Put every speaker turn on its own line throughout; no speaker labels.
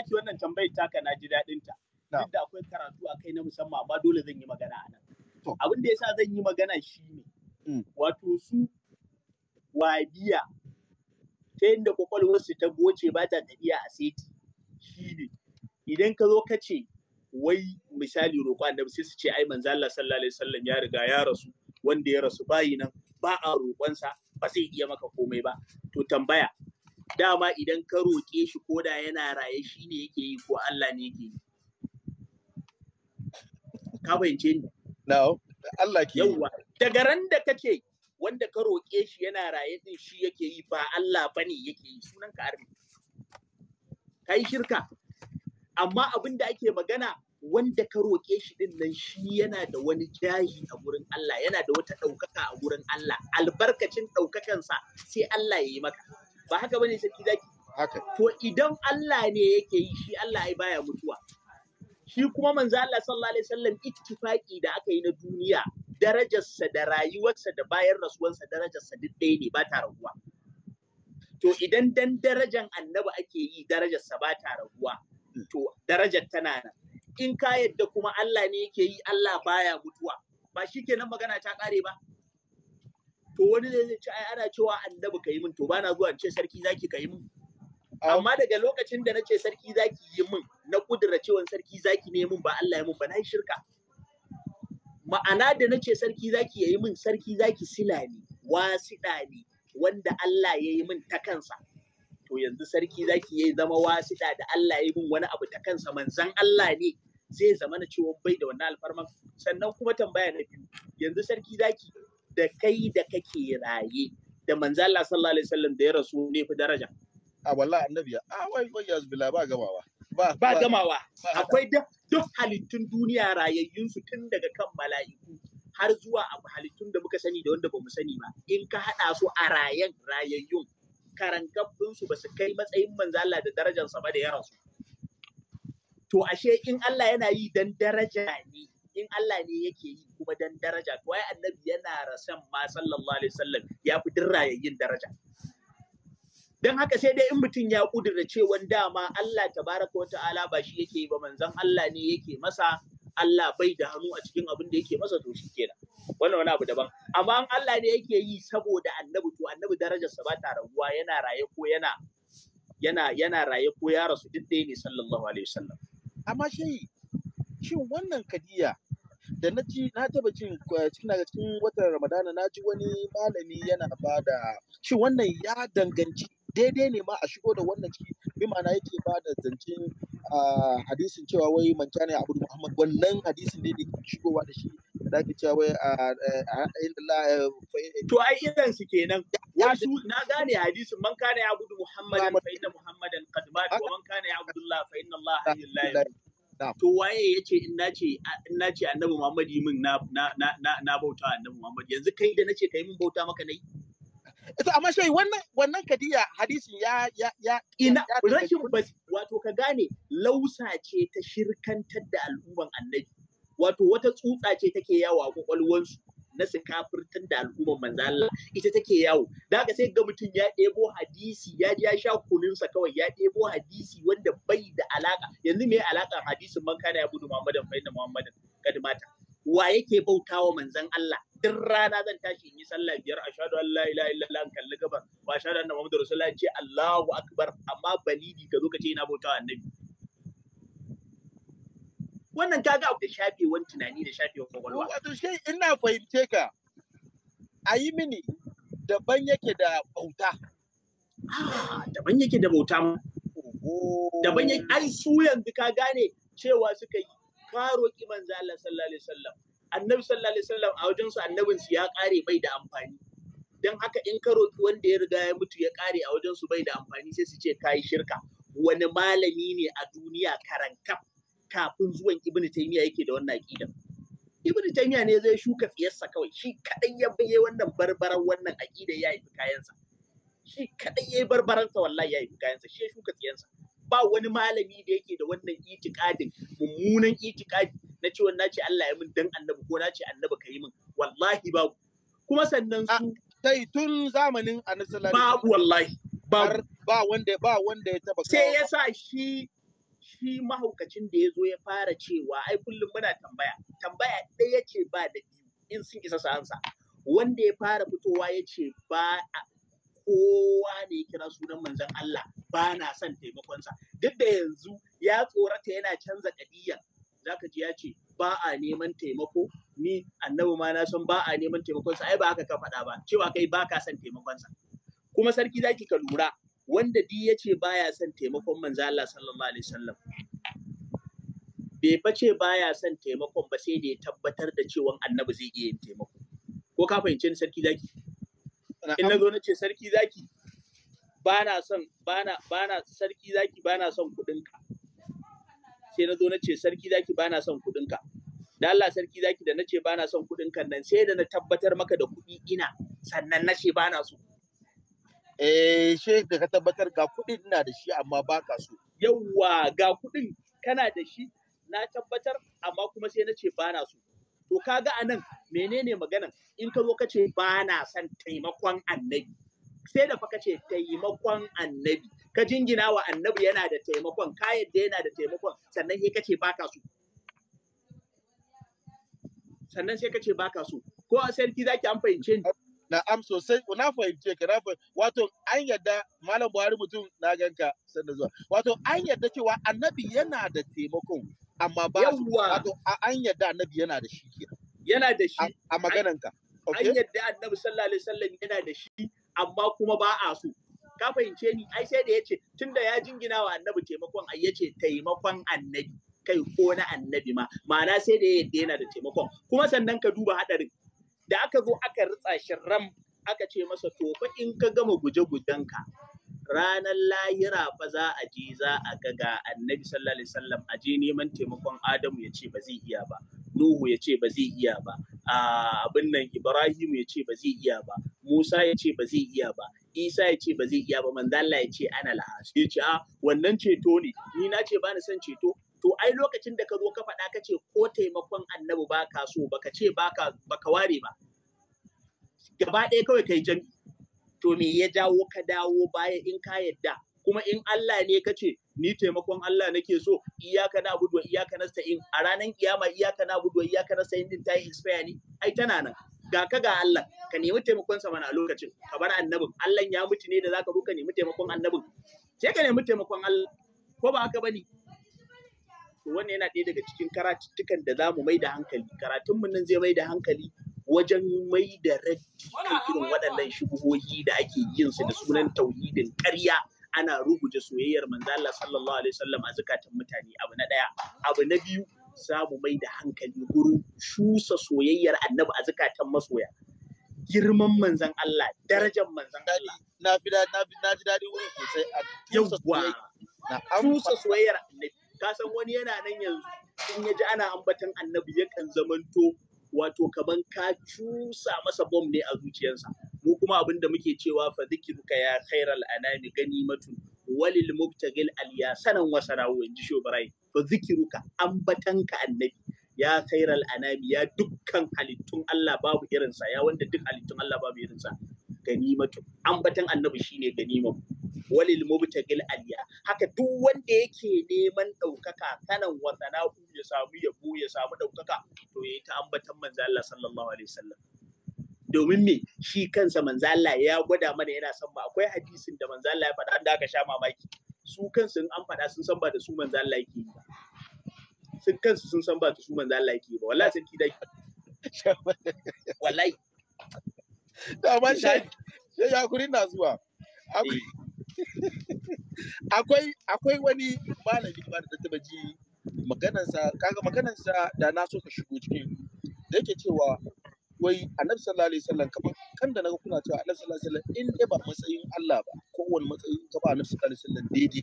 daki wannan tambayar taka na ji daɗin ta. Duk da akwai karatu a kai na musamman amma dole zan yi magana a nan. Abin da yasa zan yi magana shi ne. Mm. Wato su wabiya ta yadda su ta goce ba ta tafiya a seti shi ne. Idan ka zo ka ce wai misali roƙo annabi sai su ce ai manzo Allah sallallahu alaihi wasallam ya riga ya rasu wanda ya rasu bayi nan ba a roƙonsa ba sai iya maka komai ba to tambaya dama idan ka roƙe shi ko da yana raye shi ne yake yi ko Allah ne yake yi ka fahimce ni no Allah ke yawa daga ran da kake wanda ka roƙe shi yana raye din shi yake yi ba Allah bane yake yi sunan ka arme kai shirka amma abin da ake magana wanda ka roƙe shi din nan shi yana da wani jahi a gurin Allah yana da wata ɗaukaka a gurin Allah albarkacin ɗaukakansa sai Allah ya yi maka ba haka bane sarki zaki haka to idan Allah ne yake yi shi Allah ai baya mutuwa shi kuma manzo Allah sallallahu alaihi wasallam ittifaki da aka yi na duniya darajarsa da rayuwarsa da bayan rasuwarsa darajarsa duk ɗaya ne ba ta raguwa to idan dan darajan annabi ake yi darajarsa ba ta raguwa to darajar tana nan in ka yadda kuma Allah ne yake yi Allah baya mutuwa ba shikenan magana ta kare ba to wani zai zai ci ana cewa annabi ka yi min to bana zuwa ce sarki zaki ka yi min amma daga lokacin da na ce sarki zaki yi min na kudura cewa sarki zaki ne min ba Allah ya min ba na yi shirka ma'ana da na ce sarki zaki ya yi min sarki zaki sila ne wasiɗa ne wanda Allah ya yi min ta kansa to yanzu sarki zaki ya zama wasiɗa da Allah ya yi min wani abu ta kansa manzan Allah ne zai zama na cewa bai da wannan alfarman sannan kuma tambaya na biyu yanzu sarki zaki da kai da kake raye da manzo Allah sallallahu alaihi wasallam da ya rasu ne fi daraja a wallahi annabi a wai wai ya zubila ba gamawa ba ba gamawa akwai duk halittun duniya rayayyun su tun daga kan mala'iku har zuwa abu halittun da muka sani da wanda ba mu sani ba in ka hada su a rayan rayayyun karankabbin su ba su kai matsayin manzo Allah da darajar sa ba da ya rasu to ashe in Allah yana yi dan daraja ne in Allah ne yake yi kuma dan daraja to annabi yana rasan ma sallallahu alaihi wasallam ya fi dirraye yin daraja dan haka sai dai in mutum ya kudura cewa dama Allah tabaraka wa ta'ala ba shi yake yi ba manzon Allah ne yake masa Allah bai da hannu a cikin abin da yake masa to kenan wannan wani abu daban amma in Allah ne yake yi saboda annabi to annabi darajarsa ba ta raguwa yana raye ko yana yana yana raye ko ya rasu duk ɗaya ne sallallahu alaihi wasallam amma shi shin wannan kadiya da na ji na taba jin eh, cikin daga cikin watan ramadana na ji wani malami yana ba da shin wannan ya danganci daidai ne ma a shigo da wannan ciki bi ma'ana yake ba da zancen ah, hadisin cewa wai manta ne abu muhammad wannan hadisin ne da ke shigowa da shi da ke cewa wai ah, eh, ah, a eh, to ai idan su kenan ya su na gane hadisin man kana ya gudu muhammadan fa inna muhammadan qad wa man kana ya gudu allah fa inna allah hayyul la to waye ya ce in nace in annabi muhammadi min na na na na bauta annabi muhammadi yanzu kai da nace kai min bauta maka nayi Ita eh, amma shi wannan wannan kadiya hadisin ya ya ya ina rashin wato ka gane lausa ce ta shirkantar da al'umman annabi wato wata tsutsa ce take yawa a kwakwalwansu na su kafirtar da al'ummar manzo Allah ita take yawo da haka sai ga mutum ya ɗebo hadisi ya ji ya sha kununsa kawai ya ɗebo hadisi wanda bai da alaka yanzu me alaka hadisin man kana ya budu Muhammadan fa inna Muhammadan kad mata wa yake bautawa manzon Allah duk rana zan tashi in yi sallah biyar ashhadu an la ilaha illallah an kalli gabar wa ashhadu anna muhammadur rasulullah ce Allahu akbar amma balidi ka zo ka ce ina bautawa annabi wannan kaga shafe shafewan tunani da shafewan kwakwalwa wato shi ina fahimce ka a yi mini daban yake da bauta ah, daban yake da bauta daban yake ai su yanzu ka gane cewa suka yi Karo roƙi manzo Allah sallallahu alaihi wasallam annabi sallallahu alaihi wasallam a wajen su annabin su ya kare bai da amfani Don haka in ka roƙi wanda ya riga ya mutu ya kare a wajen su bai da amfani sai su ce yi shirka wani malami ne a duniya karankaf kafin zuwan ibn taymiya yake da wannan aqida ibn taymiya ne zai shuka fiyarsa kawai shi kadai ya baye wannan barbaran wannan aqida ya yi kayansa shi kadai ya yi barbaransa wallahi ya yi kayansa shi shuka fiyansa ba wani malami da yake da wannan itikadin mummunan itikadi na ce wannan ce Allah ya min dan annabi ko na ce annabi kai min wallahi ba kuma sannan su sai tun zamanin annabi babu wallahi ba wanda ba wanda ya taba sai yasa shi shi mahaukacin da ya zo ya fara cewa ai kullum muna tambaya tambaya ɗaya ce ba da biyu in sun isa sa'ansa wanda ya fara fitowa ya ce ba kowa ne ya kira sunan manzon Allah ba na son taimakonsa duk da yanzu ya tsorata yana canza za ka ji ya ce ba a neman taimako ni annabi ma na san ba a neman taimakonsa ai ba haka ka faɗa ba cewa kai ba ka son taimakonsa kuma sarki zaki ka lura wanda di ya ce baya son taimakon manzo Allah sallallahu alaihi wasallam bai bace baya son taimakon ba sai da ya tabbatar da cewa annabi zai iya yin taimako ko ka fahimce ni sarki zaki in na zo na ce sarki zaki bana son bana bana sarki zaki bana son kudinka sai na zo na ce sarki zaki bana son kudinka da Allah sarki zaki da na ce bana son kudinka nan sai da na tabbatar maka da kudi ina sannan na ce bana so eh she da ka tabbatar ga kuɗin na da shi amma ba ka so yawwa ga kuɗin kana da shi na tabbatar amma kuma sai na ce ba na so to kaga a nan menene maganan in ka zo ka ce ba na son taimakon annabi sai da fa ka ce taimakon annabi ka jingina wa annabi yana da taimakon ka yadda yana da taimakon sannan sai ka ce ba ka so sannan sai ka ce ba ka so ko a sarki zaki an fahimce ni Na'am sosai na fahimce ka na wato an yadda Malam Buhari mutum na ganka da zuwa. Wato an yadda cewa annabi yana da taimakon amma ba su wato an yadda annabi yana da shi kenan. Yana da shi. A maganan ka. An yadda annabi sallallahu alaihi wasallam yana da shi amma kuma ba a so. Ka fahimce ni ai sai da yace tunda ya jingina wa annabi taimakon ai yace taimakon annabi kai ko na annabi ma ma'ana sai da yadda yana da taimakon kuma sannan ka duba hadarin da aka zo aka ritsa shi ram aka ce masa to fa in ka gama guje-gujenka ranar lahira fa za a je za a ga ga annabi sallallahu alaihi wasallam a je neman taimakon adamu ya ce ba zai iya ba nuhu ya ce ba zai iya ba abin nan ibrahim ya ce ba zai iya ba musa ya ce ba zai iya ba isa ya ce ba zai iya ba manzo Allah ya ce ana laha ya ce a ah, wannan ceto ne ni na ce ba ni son ceto to ai lokacin da ka zo ka faɗa kace ko taimakon annabi ba ka so ba ka ce ba ka ware ba gaba ɗaya kawai kai jami to me ya jawo ka dawo baya in ka yadda kuma in Allah ne ka ce ni taimakon Allah nake so iyaka na budwa iyaka na sa'in a ranar kiyama iyaka na budwa iyaka na sa'in din ta yi expire ne ai tana nan ga ka ga Allah ka nemi taimakon sa mana a lokacin ka bar annabin Allah ya mutu ne da zaka zo ka nemi taimakon annabin sai ka nemi taimakon Allah ko ba haka bane wannan yana ɗaya daga cikin karatuttukan da za mu mai da hankali karatunmu nan zai mai da hankali wajen mai da raddi kan irin waɗannan shubuhohi da ake yin su da sunan tauhidin ƙarya ana rubuta soyayyar manzo Allah sallallahu alaihi wasallam a zakatun mutane abu na ɗaya abu na biyu za mu mai da hankali guru shusa soyayyar annabi a zakatun masoya girman manzon Allah darajar manzon Allah na fi na ji daɗi wurin sosai a tusa soyayyar annabi ka san wani yana nan yanzu in ya ji ana ambatan annabi yakan zamanto wato kaman ka cusa masa bom ne a zuciyarsa mu kuma abin da muke cewa fa zikiruka ya khairal anami matu, walil mubtagil aliya sanan wa sanawu in ji shobarai fa zikiruka ambatanka annabi ya khairal anami ya dukkan halittun Allah babu irinsa ya wanda duk halittun Allah babu irinsa ganimatu ambatan annabi shine ganiman walil mubtagil aliya haka duk wanda yake neman ɗaukaka kanan wasana ya samu yabo ya samu ɗaukaka to yayi ta ambatan manzo Allah sallallahu alaihi wasallam domin me shi kansa manzo Allah ya gwada mana yana son ba akwai hadisin da manzo Allah ya faɗa an da aka sha mamaki su kansu in an faɗa sun san ba da su manzo Allah yake ba sun kansu sun san ba da su manzo Allah yake ba wallahi sai ki wallahi da na zuwa eh. akwai akwai wani malami ba da taba ji maganansa kaga maganansa da na so ka shigo cikin da yake cewa wai annabi sallallahu alaihi wasallam kamar kan da naga kuna cewa annabi sallallahu alaihi wasallam in dai ba matsayin Allah ba ko wani matsayin ka ba annabi sallallahu alaihi wasallam daidai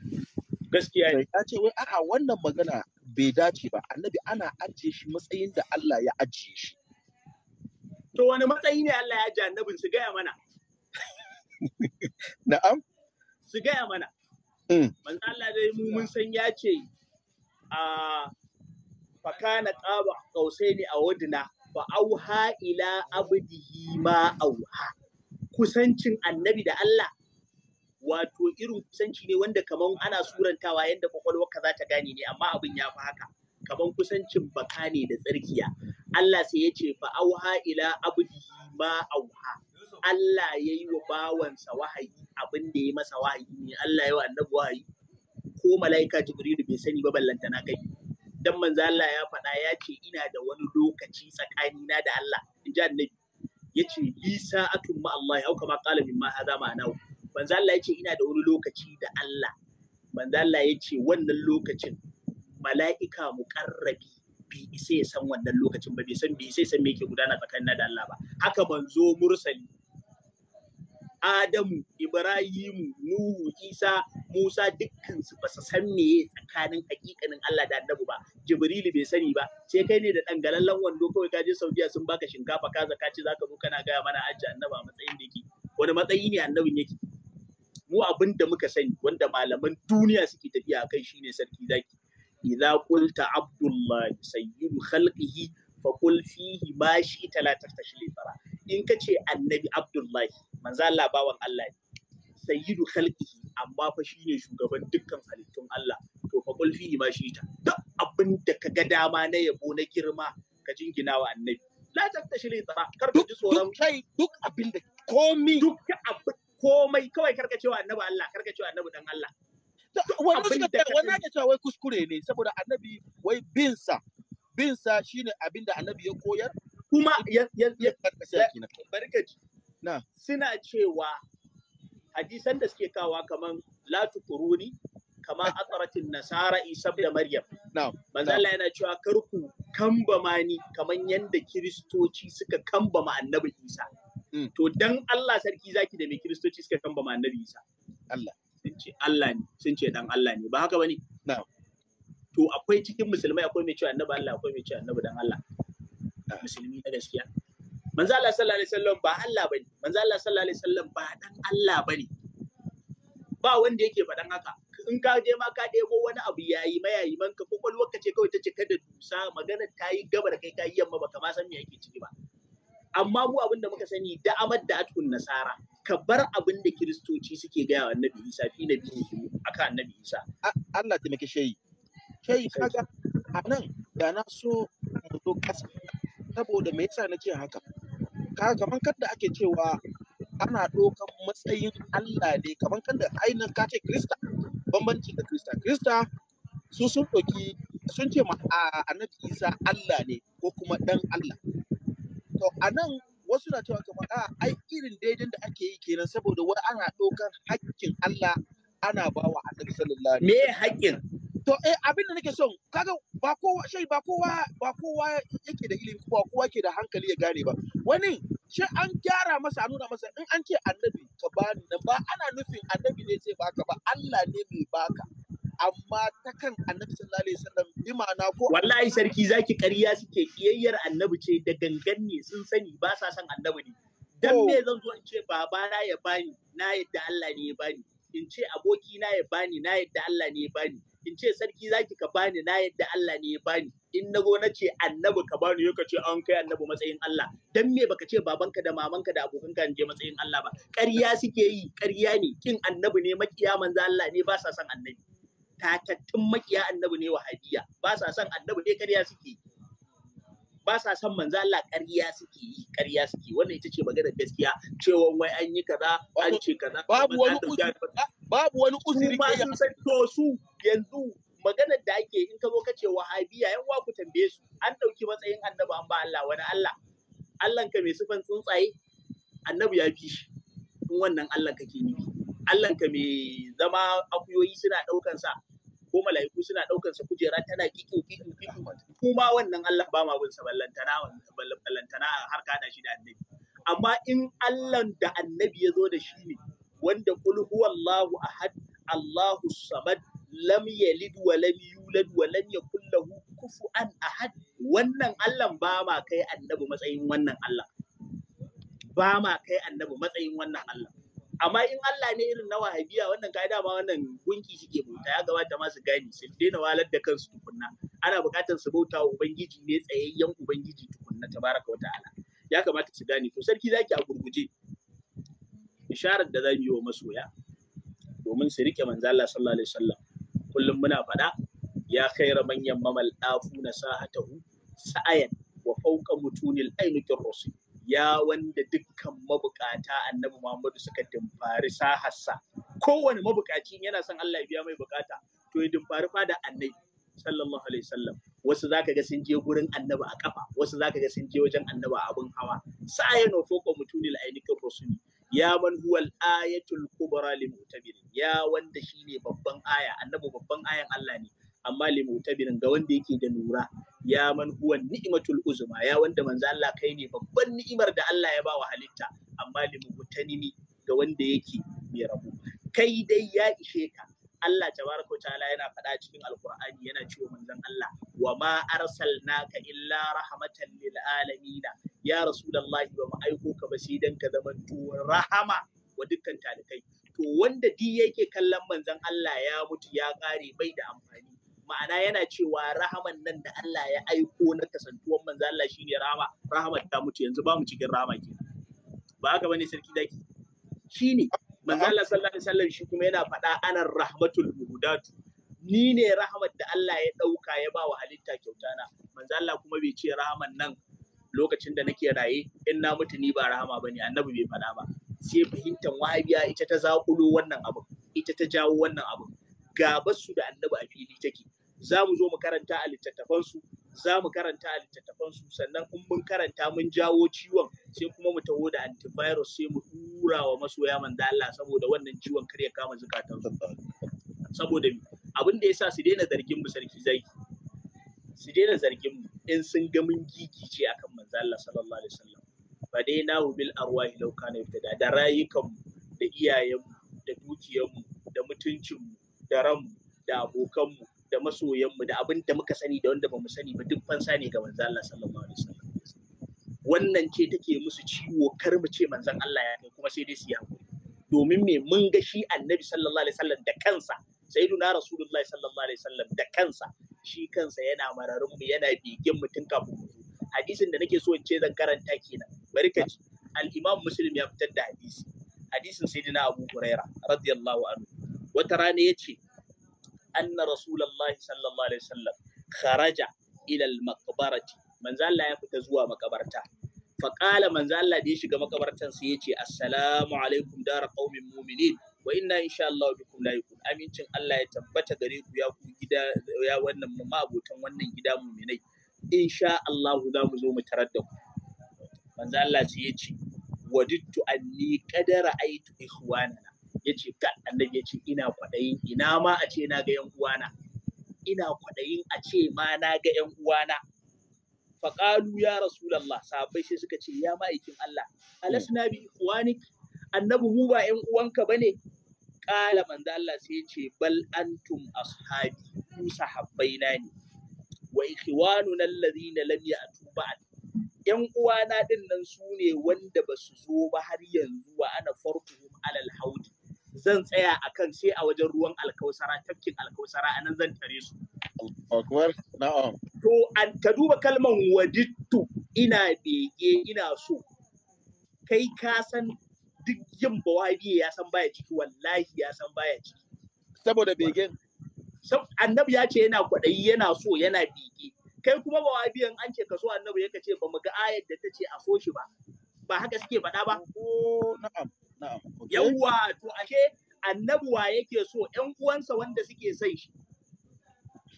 gaskiya ne ya ce wai a'a wannan magana bai dace ba annabi ana ajiye shi matsayin da Allah ya ajiye shi to wani matsayi ne Allah ya ji annabin su gaya mana na'am su gaya mana mm. manzo Allah dai mu mun san ya ce a fakana qaba ne a wadina fa auha ila abdihi ma auha kusancin annabi da Allah wato irin kusanci ne wanda kamar ana surantawa yadda kwakwalwarka za ta gane ne amma abin ya fi haka kaman kusancin baka ne da tsarkiya Allah sai ya ce fa auha ila abdihi ma auha Allah ya yi wa bawansa wahayi abin da ya masa wahayi ne Allah ya wa annabi wahayi ko mala'ika jibrilu bai sani ba ballanta na kai dan manzo Allah ya faɗa ya ce ina da wani lokaci tsakani na da Allah in ji annabi ya ce isa atum ma Allah ya kuma kala min ma hada ma manzo Allah ya ce ina da wani lokaci da Allah manzo Allah ya ce wannan lokacin mala'ika muƙarrabi bi isa ya san wannan lokacin ba bai san bi isa ya san me yake gudana tsakanin da Allah ba haka manzo mursali Adamu, Ibrahimu, Nuhu, Isa, Musa dukkan su ba su san me tsakanin hakikanin Allah da Annabi ba. Jibrilu bai sani ba. Sai kai ne da dan galallan wando kawai ka je Saudiya sun baka shinkafa ka zaka ci zaka zo kana gaya mana aji Annabi a matsayin da yake. Wani matsayi ne Annabin yake? Mu abinda muka sani wanda malaman duniya suke tafiya kai shine sarki zaki. idza qulta abdullah sayyidu khalqihi fa qul fihi ma shi ta la taftashil bara in kace annabi abdullahi manza Allah bawan Allah ne sayyidu khalqihi amma fa shi ne shugaban dukkan halittun Allah to fa qul fihi ma shi ta duk abin da kaga dama na yabo na girma ka jingina wa annabi la taftashil bara kar ka ji tsoron kai duk abin da komi duk abin komai kawai karka cewa annabi Allah karka cewa annabi dan Allah Wannan suka ta wani ake cewa wai kuskure ne saboda annabi wai bin sa, bin sa shine abin da annabi ya koyar kuma ya barkaci na suna cewa hadisan da suke kawa kaman la tukuruni kama akaratin nasara isa da maryam manzo Allah yana cewa karku kambama ni kaman yanda kiristoci suka kambama annabi isa mm. to dan Allah sarki zaki da mai kiristoci suka kambama annabi isa Allah sun ce Allah ne sun ce dan Allah ne ba haka bane to akwai cikin musulmai akwai mai cewa annabi Allah akwai mai cewa annabi dan Allah musulmi na gaskiya manzo Allah sallallahu alaihi wasallam ba Allah bane manzo Allah sallallahu alaihi wasallam ba dan Allah bane ba wanda yake faɗan haka in ka je ma ka ɗebo wani abu yayi mayayi man ka kwakwalwar ka ce kawai ta ce kada dusa magana ta yi gaba da kai ka yi yamma ba ka ma san me yake ciki ba amma mu abin da muka sani da da'amar da atkun nasara ka bar abin da kiristoci suke gaya wa annabi isa fi a akan annabi isa Allah ta maki shayi shayi kaga a nan da na so mu zo kasa saboda me yasa na ce haka kaga kaman kadda ake cewa ana ɗaukan matsayin Allah ne kaman kadda ainihin ka ce Krista bambanci da Krista Krista su sun ɗauki sun ce ma a annabi Isa Allah ne ko kuma ɗan Allah to a nan wasu na cewa kamar a ai irin daidan da ake yi kenan saboda wani ana ɗaukar haƙƙin Allah ana bawa Annabi sallallahu alaihi me haƙƙin to eh abin da nake so kaga ba kowa shai ba kowa ba kowa yake da ilimi ba kowa yake da hankali ya gane ba wani shi an gyara masa a nuna masa in an ce annabi ka bani nan ba ana nufin annabi ne zai baka ba Allah ne mai baka amma ta kan annabi sallallahu alaihi wasallam ma'ana ko wallahi sarki zaki ƙarya suke kiyayyar annabi ce da gangan ne sun sani ba sa son annabi ne dan oh. me zan zo in ce babana ya bani na yadda Allah ne ya bani in ce aboki na ya bani na yadda Allah ne ya bani in ce sarki zaki ka bani na yadda Allah ne ya bani in na na ce annabi ka bani yau ka ce an kai annabi matsayin Allah dan me baka ce babanka da mamanka da abokanka je matsayin Allah ba ƙarya suke yi ƙarya ne kin annabi ne makiya manzo Allah ne ba sa son annabi tatattun makiya annabi ne wahabiya ba sa son annabi ne ƙarya suke ba sa son manzo Allah ƙarya suke yi ƙarya suke wannan ita ce maganar gaskiya cewa wai an yi kaza an ce kaza babu wani uzuri babu wani uzuri ba sun san to su yanzu maganar da ake in ka zo ka ce wahabiya yan waku tambaye su an dauki matsayin annabi an ba Allah wani Allah Allahn ka mai sifan tsuntsaye annabi ya fi shi in wannan Allah kake nufi ka mai zama akuyoyi suna ɗaukansa ko mala'iku suna ɗaukansa kujera tana kikin kikin kikin kuma wannan Allah ba ma bin sa ballantana ballantana har ka da shi da annabi amma in Allah da annabi ya zo da shi ne wanda qul huwallahu ahad Allahu samad lam yalid wa lam yulad wa lam yakul lahu kufuwan ahad wannan Allah ba ma kai annabi matsayin wannan Allah ba ma kai annabi matsayin wannan Allah amma in Allah ne irin na wahabiya wannan ka'ida ma wannan gunki shike bauta ya gabata ma su gani su daina walar da kansu tukunna ana buƙatar su bauta wa ubangiji ne tsayayyen ubangiji tukunna tabaraka wa ta'ala ya kamata su gane to sarki zaki a gurguje isharar da zamu yi wa masoya domin su rike manzo Allah sallallahu alaihi wasallam kullum muna faɗa ya khaira manyan mamal dafu na sahatahu sa'ayan wa fawqa mutunil ainikir rasul ya wanda dukkan mabukata annabi Muhammadu suka dimfari sahassa kowane mabukaci yana son Allah ya biya mai bukata to ya dimfari fada annabi sallallahu alaihi wasallam wasu zaka ga sun je gurin annabi a kafa wasu zaka ga sun je wajen annabi a abun hawa no foko mutunil ainikin rasuli ya man al ayatul kubra lil mutabil ya wanda shine babban aya annabi babban ayan Allah ne amma li mutabirin ga wanda yake da lura ya man huwa ni'matul uzma ya wanda manzo Allah kai ne babban ni'imar da Allah ya bawa halitta amma li mutanimi ga wanda yake mai rabo kai dai ya ishe ka Allah tabaraka wa ta'ala yana faɗa cikin alkur'ani yana cewa manzon Allah wa ma arsalnaka illa rahmatan lil alamin ya rasulullahi ba ma aiko ka ba sai dan ka zama rahama wa dukkan talikai to wanda di yake kallon manzon Allah ya mutu ya kare bai da amfani ma'ana yana cewa rahaman nan da Allah ya aiko na kasantuwan manzo Allah shine rahama rahamar ta mutu yanzu ba mu cikin rahama ke. ba haka bane sarki daki shine manzo Allah sallallahu alaihi wasallam shi kuma yana faɗa anan rahmatul muhdatu ni ne rahamar da Allah ya ɗauka ya ba wa halitta kyauta na manzo Allah kuma bai ce rahaman nan lokacin da nake raye in na mutu ni ba rahama bane annabi bai faɗa ba sai fahimtar wahabiya ita ta zakulo wannan abu ita ta jawo wannan abu ga su da annabi a fili take za mu zo mu karanta a littattafansu za mu karanta a littattafansu sannan in mun karanta mun jawo ciwon sai kuma mu taho da antivirus sai mu tura wa masoya manzo Allah saboda wannan ciwon kar ya kama zakatan su saboda abin da yasa su daina zargin mu sarki zai su daina zargin mu in sun ga mun gigice akan manzo Allah sallallahu alaihi wasallam fa dai nahu bil arwahi law kana yubtada da rayukan da iyayen da dukiyanmu da mutuncin mu da ranmu da abokanmu da masoyanmu da abin da muka sani da wanda ba mu sani ba duk fansa ne ga manzan Allah sallallahu alaihi wasallam wannan ce take musu ciwo kar mu ce manzan Allah ya kai kuma sai dai su yaƙuri domin me mun ga shi annabi sallallahu alaihi wasallam da kansa sayyiduna rasulullahi sallallahu alaihi wasallam da kansa shi kansa yana mararin mu yana bigen mutum kafin mu hadisin da nake so in ce zan karanta kenan bari ka ji al-imam muslim ya fitar da hadisi hadisin sayyidina abu huraira radiyallahu anhu wata rana yace ce anna rasulullahi sallallahu alaihi wasallam kharaja ila al-maqbarati ya fita zuwa makabarta fa qala manzo Allah da ya shiga makabartan sai yace assalamu alaikum dar mu'minin wa inna insha Allah bikum laikun amincin Allah ya tabbata gare ku ya ku gida ya wannan gidan wannan gida mu'minai insha Allah za mu zo mu tarar da ku manzo Allah sai yace wadittu anni qadara aitu ikhwanana yace ka annabi ce ina kwaɗayin ina ma a ce na ga yan uwana ina kwaɗayin a ce ma na ga yan uwana faƙalu ya rasulallah sabai sai suka ce ya ma'aikin Allah alasna bi ikhwanik annabi mu ba yan uwanka bane kala manzo Allah sai ce bal antum ashabi ku na ne wa ikhwanuna alladhina lam ya'tu ba'd yan uwana ɗinnan nan su ne wanda ba su zo ba har yanzu wa ana farquhum alal haudi zan tsaya a kan sai a wajen ruwan alkausara tafkin alkausara a nan zan tare su. Akwai na'am. To an ka duba kalman wadittu ina bege ina so. Kai ka san duk yin bawabiye ya san baya ciki wallahi ya san baya ciki. Saboda begen. Annabi ya ce yana kwaɗayi yana so yana bege. Kai kuma bawabiyan an ce kaso so annabi ya ce ba mu ga ayar da ta ce a so shi ba. Ba haka suke faɗa ba. Na'am. Yawwa to ashe Annabuwa wa yake so ‘yan uwansa wanda suke son shi.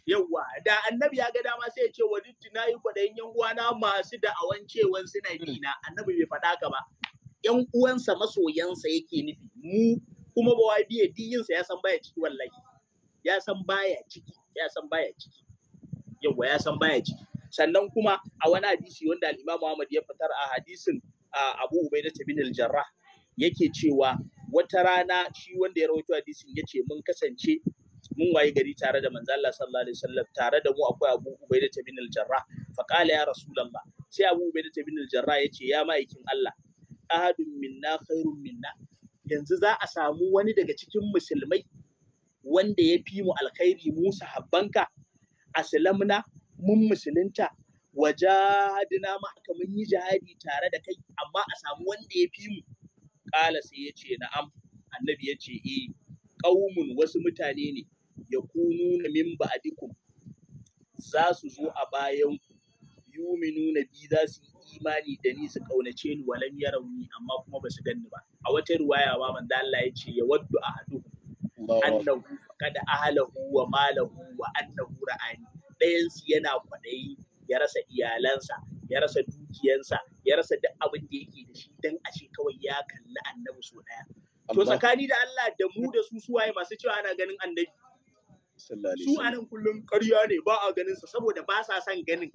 Yawwa da annabi ya ga dama sai ya ce wani yi kwaɗayin ‘yan uwana masu da'awan cewan suna nina, annabi bai faɗa ka ba. ‘Yan uwansa masoyansa yake nufi mu kuma ba wai biye diyinsa ya san baya ciki wallahi. Ya san baya ciki, ya san baya ciki. Yawwa ya san baya ciki. Sannan kuma a wani hadisi wanda al-Imam Ahmad ya fitar a hadisin Abu Ubaida bin al-Jarrah yake cewa wata rana shi wanda ya rawaito hadisin ya ce mun kasance mun waye gari tare da manzo Allah sallallahu alaihi wasallam tare da mu akwai Abu Ubaidah bin al-Jarrah fa qala ya rasulullah sai Abu Ubaidah bin al-Jarrah yace ya ma'aikin Allah ahadun minna khairun minna yanzu za a samu wani daga cikin musulmai wanda ya fi mu alkhairi mu sahabbanka aslamna mun musulunta wajadina ma aka mun yi jihadi tare da kai amma a samu wanda ya fi mu Kala sai ya ce na'am, annabi ya ce eh, ƙaumun wasu mutane ne ya kunu na min ba'adikum za su zo a bayan yuminu na bi za su yi imani da ni su ƙaunace ni walam ya rauni amma kuma ba su ganni ba. A wata ruwaya ma manzo Allah ya ce ya waddu a hadu. Annahu kada ahlahu wa malahu wa annahu ra'ani. Ɗayansu yana kwaɗayi ya rasa iyalansa, ya rasa du dukiyansa ya rasa duk abin da yake da shi dan a ce kawai ya kalli annabi so daya to tsakani da Allah da mu da su suwaye masu cewa ana ganin annabi su anan kullum ƙarya ne ba a ganin sa saboda ba sa son ganin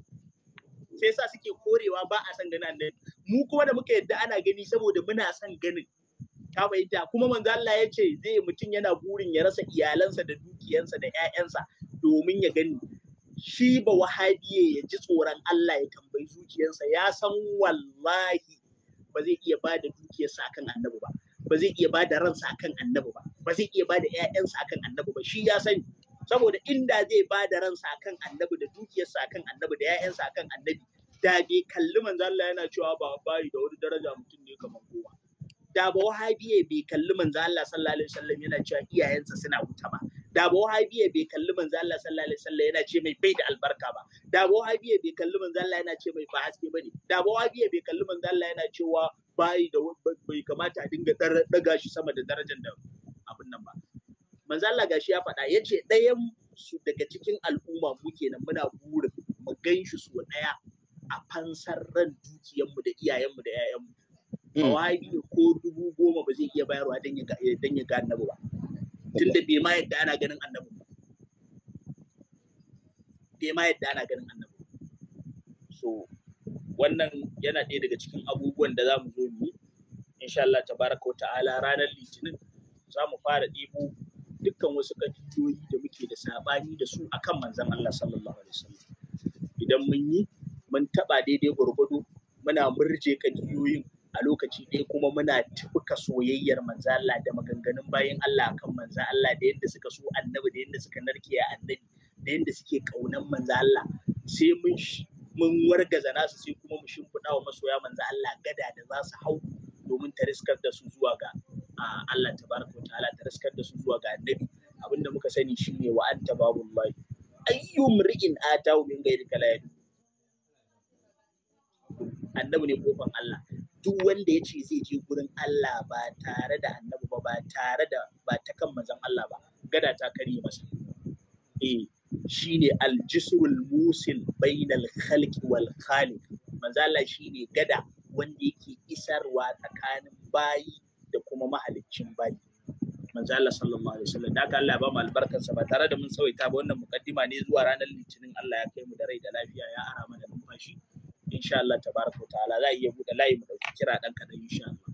sai sa suke korewa ba a son ganin annabi mu kuma da muka yadda ana gani saboda muna son ganin ta fahimta kuma manzo Allah ya ce zai mutum yana burin ya rasa iyalansa da dukiyansa da 'ya'yansa domin ya gani shi ba wahabiye ya ji tsoron Allah ya bai zuciyarsa ya san wallahi ba zai iya ba da dukiyarsa akan annabi ba ba zai iya ba da ransa akan annabi ba ba zai iya ba da ƴaƴansa akan annabi ba shi ya sani saboda inda zai ba da ransa akan annabi da dukiyarsa akan annabi da ƴaƴansa akan annabi da bai kalli manzo Allah yana cewa ba bayi da wani daraja mutum ne kamar kowa da ba wahabiye bai kalli manzo Allah sallallahu alaihi wasallam yana cewa iyayensa suna wuta ba da ba wahabiya bai kalli manzo Allah sallallahu alaihi wasallam yana ce mai bai da albarka ba da ba wahabiya bai kalli manzo Allah yana ce mai ba haske bane da ba wahabiya bai kalli manzo Allah yana cewa bai da bai kamata a dinga daga shi sama da darajar da abin nan ba manzo Allah gashi ya faɗa yace ɗayan su daga cikin al'umma mu kenan muna burin mu ganshi su daya a fansar ran mu da iyayenmu da 'ya'yanmu. Mawabi hmm. ko dubu goma ba zai iya bayarwa don ya ga annabi ba. tunda bai ma yadda ana ganin annabi bai ma yadda ana ganin annabi so wannan yana ɗaya daga cikin abubuwan da za mu zo mu yi insha Allah tabaraka wa ta'ala ranar litinin za mu fara ɗebo dukkan wasu ƙabiloyi da muke da saɓani da su akan manzon Allah sallallahu alaihi wasallam idan mun yi mun taɓa daidai gwargwado muna murje ƙabiloyin a lokaci ɗaya kuma muna tuka soyayyar manzo Allah da maganganun bayan Allah kan manzo Allah da yadda suka so annabi da yadda suka narke a annabi da yadda suke kaunan manzo Allah sai mun mun wargaza nasu sai kuma mu shimfiɗa wa masoya manzo Allah gada da za su hau domin ta riskar da su zuwa ga Allah tabaraka ta'ala ta riskar da su zuwa ga annabi abinda muka sani shine wa anta babullahi ayyu ri'in atahu min ghairi kalayid annabi ne kofan Allah duk wanda ya ce zai je gurin Allah ba tare da annabi ba ba tare da ba ta kan manzon Allah ba gada ta kare masa eh shine aljisrul musil bainal khalqi wal khaliq manzo Allah shine gada wanda yake isarwa tsakanin bayi da kuma mahaliccin bayi manzo Allah sallallahu alaihi wasallam Allah ba mu albarkarsa ba tare da mun tsawaita ba wannan mukaddima ne zuwa ranar litinin Allah ya kai mu da rai da lafiya ya ara mana numfashi insha Allah tabaraka ta'ala za a iya bude layi mu dauki kira dan kadan insha Allah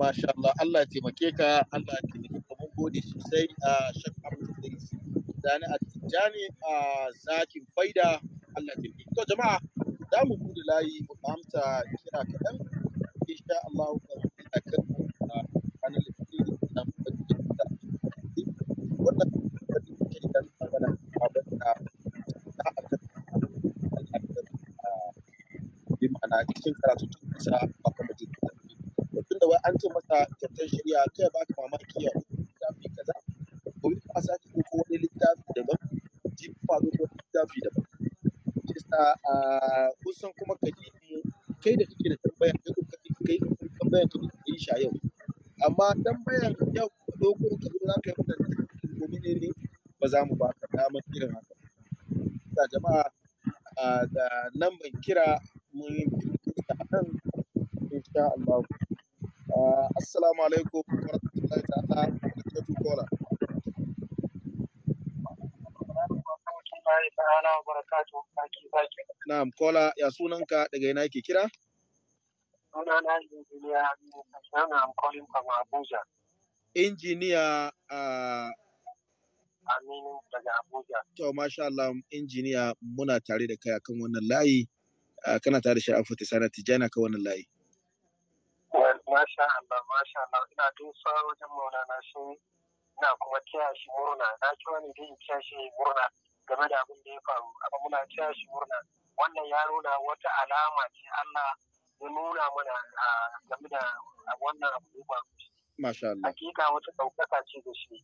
masha Allah Allah ya taimake ka Allah ya taimake ka mun gode sosai a shakar Idris dani a tijani a zakin faida Allah ya taimake to jama'a za mu bude layi mu amsa kira kadan insha Allah akan ranar litinin da wannan a cikin karatun sa a kwamitin mutum da wai an ce masa kyautar shirya kai ba ka mamaki ya littafi kaza gobe kuma sake ko wani littafi daban jibi ma zo ko littafi daban kisa a kusan kuma ka ji kai da kake da tambayar kai kuka kai tambayar ka kuka yi sha yau amma tambayar yau lokacin ka za ka yi mata gobe ne ne ba za mu ba ka damar irin haka. Jama'a da nan ban kira Assalamu alaikum warahmatullahi ya sunanka daga ina yake kira? Sunana injiniya Abuja. Injiniya a ah, Aminu daga Abuja. To masha injiniya muna tare da kai akan wannan layi. Ah, kana tare da layi. Masha Allah, masha Allah, ina dusa wajen maulana shi ina kuma taya shi murna, na kira wani dai in shi murna game da abin da ya faru, amma muna taya shi murna. Wannan ya nuna wata alama ce Allah ya nuna mana game da wannan abu da ya Masha Allah. Hakika wata daukaka ce da shi.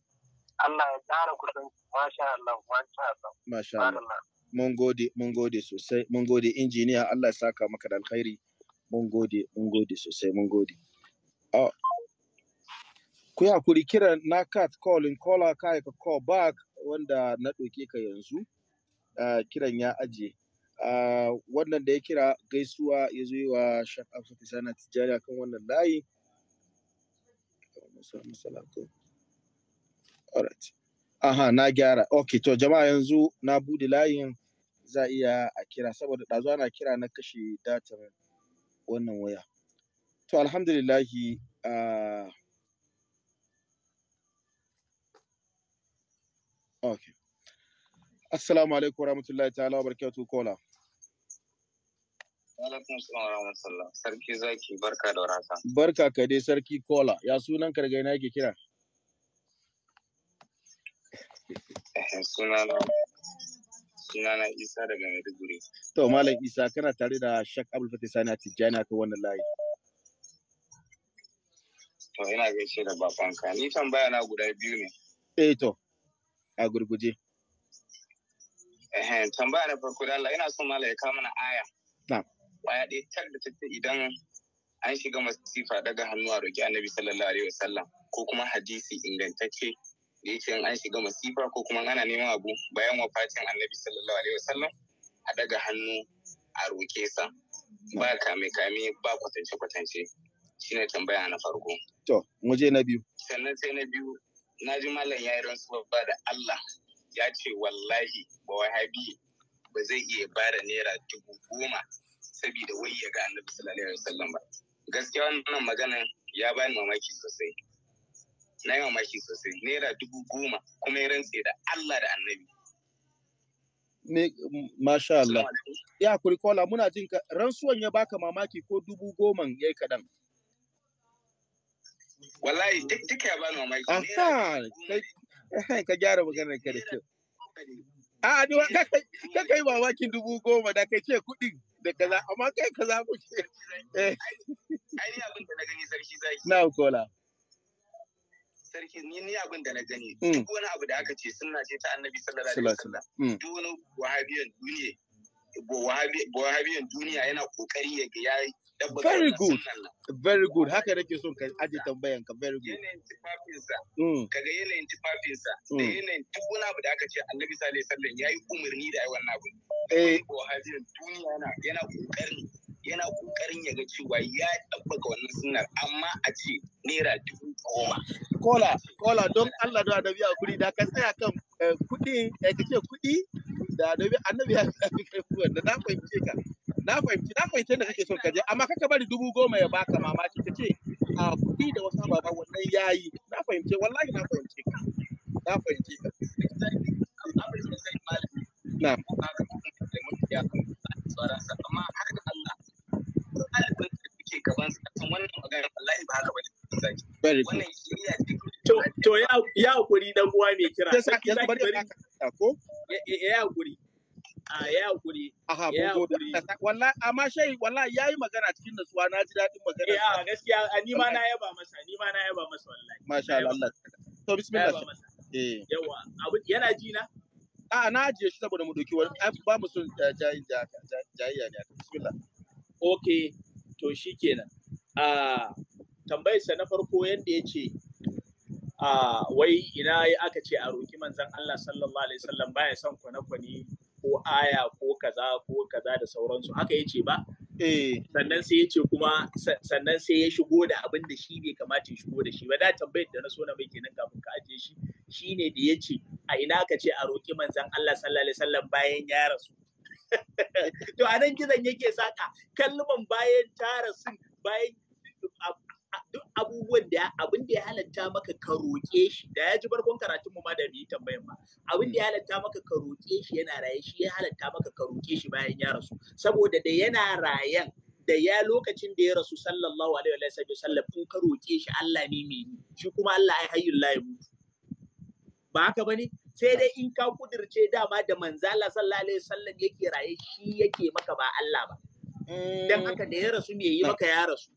Allah ya ƙara kusan masha Allah, masha Allah. Masha Allah. Mun gode, mun gode sosai, mun gode injiniya Allah ya saka maka da alkhairi. Mun gode, mun gode sosai, mun gode. Oh. ku yi hakuri kiran na cat calling caller ka ka call back wanda na ɗauke ka yanzu uh, kiran ya aje uh, ah, wannan da ya kira gaisuwa ya zo yi wa shak absatu sana tijjani akan wannan layi aha na gyara ok to jama'a yanzu na bude layin za iya a kira saboda ɗazu ana kira na kashe datar wannan waya to alhamdulillahi uh, okay assalamu alaikum warahmatullahi ta'ala wa barakatuhu kola sarki zaki barka da warhaka barka ka dai sarki kola ya sunan karga na yake kira eh, sunana sunana isa daga maiduguri to malam isa kana tare da shak abul fatih sani tijjani ta wannan layi To ina gaishe da bakonka. Ni tambaya na guda biyu ne. Eh to, a gurguje. Eh, tambaya na farko da Allah ina son mala ya kama na aya. Na. Aya ɗaya tar da take idan an shiga masifa daga hannu a roƙi annabi sallallahu alaihi wasallam ko kuma hadisi ingantacce da yake an shiga masifa ko kuma ana neman abu bayan wafatin annabi sallallahu alaihi wasallam a daga hannu a roƙe sa. Ba kame kame ba kwatance kwatance. shine tambaya na farko to mu je na biyu sannan sai na biyu na ji malam ya yi rantsuwa da Allah ya ce wallahi ba wahabi ba zai iya ba da naira dubu goma saboda wai ya ga annabi sallallahu alaihi wasallam ba gaskiya wannan maganan ya bani mamaki sosai na yi mamaki sosai naira dubu goma kuma ya rantse da Allah da annabi ne masha Allah ya kuri kola muna jin ka rantsuwan ya baka mamaki ko dubu goman yi kaɗan. wallahi duk duk ya bani mamaki ah, ka gyara maganar ka da kyau a ka kai dubu goma da kai ce da kaza amma kai kaza mu na kola sarki ni ni abin da mm. da aka ce sunna ce ta annabi mm. duniya yana kokari ya very good very good haka nake son ka aje tambayan ka very good yanayin tufafinsa mm. kaga yanayin tufafinsa da mm. yanayin duk wani abu da aka ce annabi sallallahu alaihi wasallam yayi umarni da ai wannan abu eh ko hajin duniya na yana kokarin yana kokarin ya ga cewa ya tabbaka wannan sunnar amma a ce naira dubu goma kola kola don Allah da annabi hakuri da ka tsaya kan eh, kuɗi eh, kace ce kuɗi da annabi annabi ya kai wannan na fahimce ka na fahimci na fahimci da kake so ka je amma kaka dubu goma ya baka mamaki ka ce a kuɗi da wasu ababa wannan yayi na fahimce wallahi na fahimce ka na fahimce ka na amma har da Allah to ya hakuri dan uwa mai kira ya hakuri a ya hakuri aha bozo wallahi amma shai wallahi yi magana cikin nutsuwa na ji dadin magana ya eh, gaskiya ni ma na yaba masa ni ma na yaba masa wallahi masha Allah to bismillah eh. yawa abu yana ji na a na ajiye shi saboda mu doki wani ba mu son jayin jayayya ne bismillah okay to shikenan a tambayarsa na farko yadda ya ce wai ina aka ce a roƙi manzan Allah sallallahu alaihi wasallam baya son kwane-kwane ko aya ko kaza ko kaza da sauransu haka yace ba eh. sannan sai yace kuma sannan sai ya shigo da abin da shi bai kamata ya shigo da shi ba da tambayar da na so na mai kenan kafin ka ajiye shi shine da yace a ina ka ce a roki manzon Allah sallallahu alaihi wasallam bayan ya rasu to anan gizon yake saka kalman bayan ta rasu bayan abubuwan da abin da ya halatta maka ka roƙe shi da ya ji barkon karatunmu ma da yi tambayan ba abin da ya halatta maka ka roƙe shi yana raye shi ya halatta maka ka roƙe shi bayan ya rasu saboda da yana rayen da ya lokacin da ya rasu sallallahu alaihi wa sallam kun ka roƙe shi Allah ne mai ni shi kuma Allah ai hayyul la mutu ba haka bane sai dai in ka kudirce dama da manzala sallallahu alaihi wasallam yake raye shi yake maka ba Allah ba dan mm. haka da ya rasu me yi maka ya rasu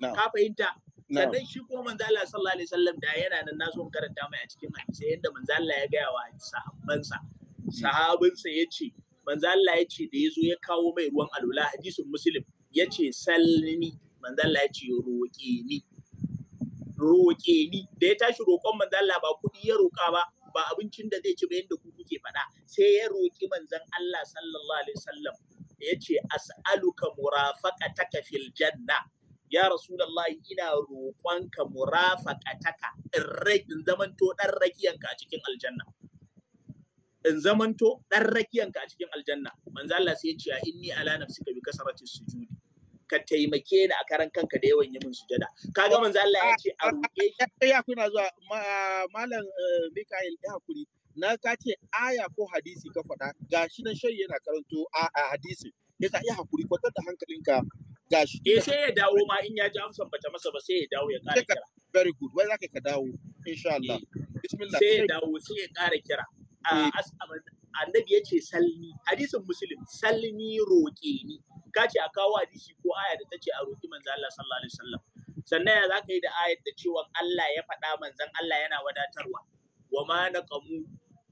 ka fahimta sannan shi ko manzo Allah sallallahu alaihi wasallam da yana nan na son karanta mai a cikin hadisi yanda manzo Allah ya gaya wa sahabbansa hmm. sahabinsa yace ce manzo Allah ya da ya zo ya kawo mai ruwan alula hadisin muslim yace ce sallini manzo Allah ya ce roƙe ni roƙe ni da ya tashi roƙon manzo Allah ba kuɗi ya roƙa ba ba abincin da zai ci ba yanda ku kuke faɗa sai ya roƙi manzon Allah sallallahu alaihi wasallam ya ce as'aluka murafaqataka fil janna ya rasulallahi ina roƙonka kataka, in zamanto dan rakiyanka a cikin aljanna in zamanto dan rakiyanka a cikin aljanna manzo Allah sai ya ce inni ala ka bi kasarati sujudi ka taimake ni a karan kanka da yawan yamin sujada kaga manzo Allah ya ce a roƙe shi ya kuna zuwa malam eh, Mikael ya hakuri na ka aya ko hadisi ka faɗa gashi na shayi yana karanto a hadisi yasa ya hakuri kwatar da hankalinka gashi eh sai ya dawo ma in ya ji amsan bata masa ba sai ya dawo ya ƙara kira very good wai zaka ka dawo insha Allah eh, bismillah sai ya dawo sai ya ƙara kira eh. annabi ya ce salni hadisin muslim salni roƙe ni ka ce a kawo hadisi ko aya da ta ce a roƙi manzo Allah sallallahu alaihi wasallam sannan ya zaka yi da ayat da cewa Allah ya faɗa manzon Allah yana wadatarwa wa ma naqamu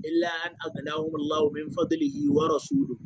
illa an aghnahum Allah min fadlihi wa rasuluhu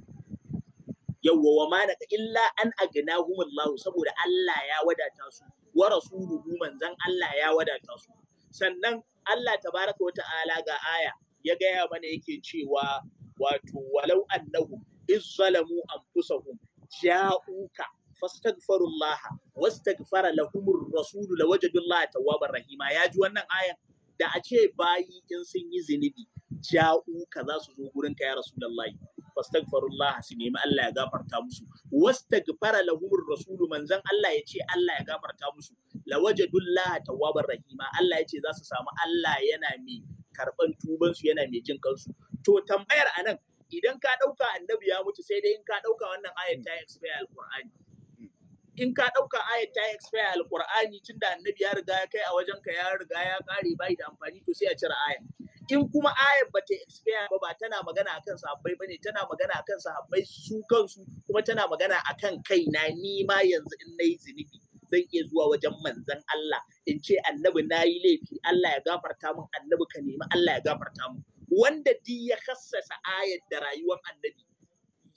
yawwa wa ma illa an agnahum Allah saboda Allah ya wadata su wa rasuluhu manzan Allah ya wadata su sannan Allah tabaraka wa ta'ala ga aya ya gaya mana yake cewa wato walau annahu iz zalamu anfusahum ja'uka fastaghfirullah wastaghfara lahumur rasul lawajadullah tawwabar rahima ya ji wannan ayan da a ce bayi in sun yi zinubi ja'uka za su zo gurinka ya rasulullahi fastaghfirullah su nemi Allah ya gafarta musu wastaghfara ar rasul manzan Allah ya ce Allah ya gafarta musu lawajadullah tawwabar rahima Allah ya ce za su samu Allah yana mai karban tuban su yana mai jin kansu to tambayar anan idan ka dauka annabi ya mutu sai dai in ka dauka wannan ayat ta expire alqur'ani in ka ɗauka ayat ta expire alƙur'ani tunda annabi ya riga ya kai a wajen ka ya riga ya kare, bai da amfani to sai a cire ayat in kuma ayar ba ta expire ba ba tana magana akan sahabbai ba ne tana magana akan sahabbai su kansu kuma tana magana akan kaina ni ma yanzu in nayi zunubi zan iya zuwa wajen manzan Allah in ce annabi na yi laifi Allah ya gafarta min annabi ka nemi Allah ya gafarta mun. wanda di ya kassasa ayar da rayuwar annabi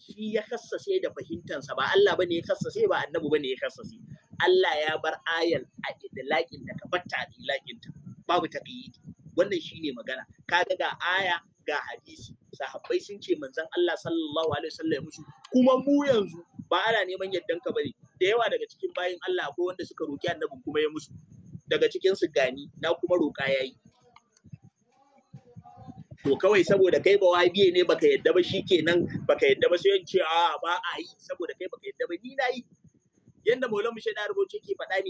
shi ya kassase da fahimtansa ba Allah bane ya kassase ba annabi bane ya kassase Allah ya bar ayar a idlaqin da ka batta idlaqin ta babu taqyidi wannan shine magana kaga ga aya ga hadisi sahabbai sun ce manzon Allah sallallahu alaihi wasallam musu kuma mu yanzu ba ana neman yaddan ka bane da yawa daga cikin bayin Allah akwai wanda suka roki annabin kuma ya musu daga cikin su gani na kuma roka yayi to kawai saboda kai ba wabiye ne baka yadda ba shikenan baka yadda ba sai yance a ba a yi saboda kai baka yadda ba ni na yi yanda maulan mu shaidar bauchi ke faɗa ne